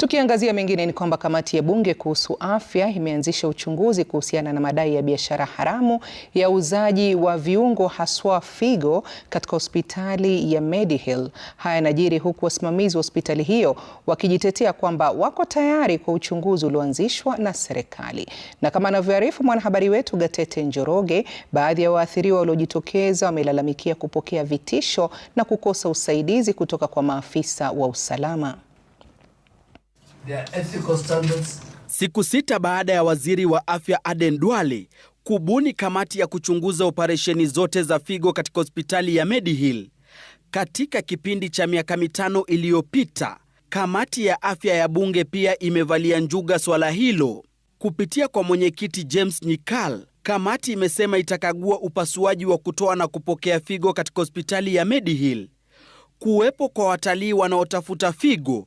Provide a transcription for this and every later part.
Tukiangazia mengine ni kwamba kamati ya bunge kuhusu afya imeanzisha uchunguzi kuhusiana na madai ya biashara haramu ya uuzaji wa viungo haswa figo katika hospitali ya medihill Haya yanajiri huku wasimamizi wa hospitali hiyo wakijitetea kwamba wako tayari kwa uchunguzi ulioanzishwa na serikali. Na kama anavyoarifu mwanahabari wetu Gatete Njoroge, baadhi ya waathiriwa waliojitokeza wamelalamikia kupokea vitisho na kukosa usaidizi kutoka kwa maafisa wa usalama. Siku sita baada ya waziri wa afya Aden Duale kubuni kamati ya kuchunguza operesheni zote za figo katika hospitali ya Mediheal katika kipindi cha miaka mitano iliyopita, kamati ya afya ya bunge pia imevalia njuga swala hilo. Kupitia kwa mwenyekiti James Nyikal, kamati imesema itakagua upasuaji wa kutoa na kupokea figo katika hospitali ya Mediheal, kuwepo kwa watalii wanaotafuta figo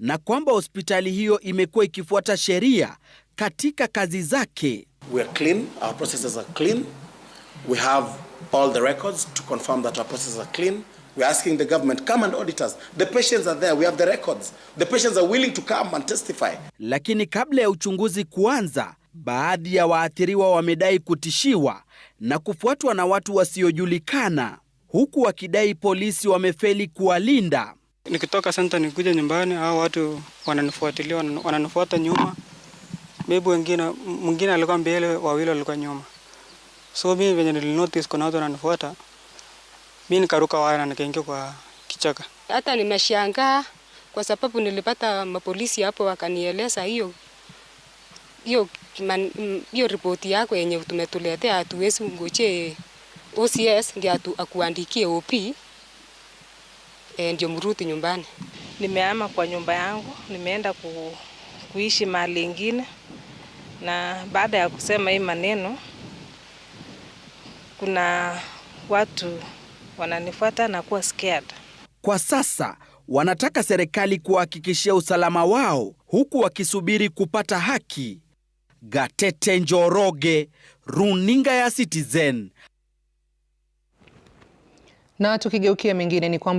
na kwamba hospitali hiyo imekuwa ikifuata sheria katika kazi zake. We are clean, our processes are clean. We have all the records to confirm that our processes are clean. We are asking the government come and audit us. The patients are there, we have the records. The patients are willing to come and testify. Lakini kabla ya uchunguzi kuanza, baadhi ya waathiriwa wamedai kutishiwa na kufuatwa na watu wasiojulikana huku wakidai polisi wamefeli kuwalinda. Nikitoka senta nikuja nyumbani, hao watu wananifuatilia, wananifuata nyuma. Maybe wengine mwingine alikuwa mbele, wawili walikuwa nyuma. So mimi venye nilinotice kuna watu wananifuata, mimi nikaruka waya na nikaingia kwa kichaka. Hata nimeshangaa kwa sababu nilipata mapolisi hapo wakanieleza hiyo hiyo hiyo ripoti yako yenye tumetuletea, hatuwezi ngoje OCS ndio atu akuandikie OP e, ndio mruthi nyumbani. nimeama kwa nyumba yangu, nimeenda ku, kuishi mahali ingine, na baada ya kusema hii maneno, kuna watu wananifuata na kuwa scared. Kwa sasa wanataka serikali kuhakikishia usalama wao huku wakisubiri kupata haki. Gatete Njoroge, runinga ya Citizen. Na tukigeukia mengine ni kwamba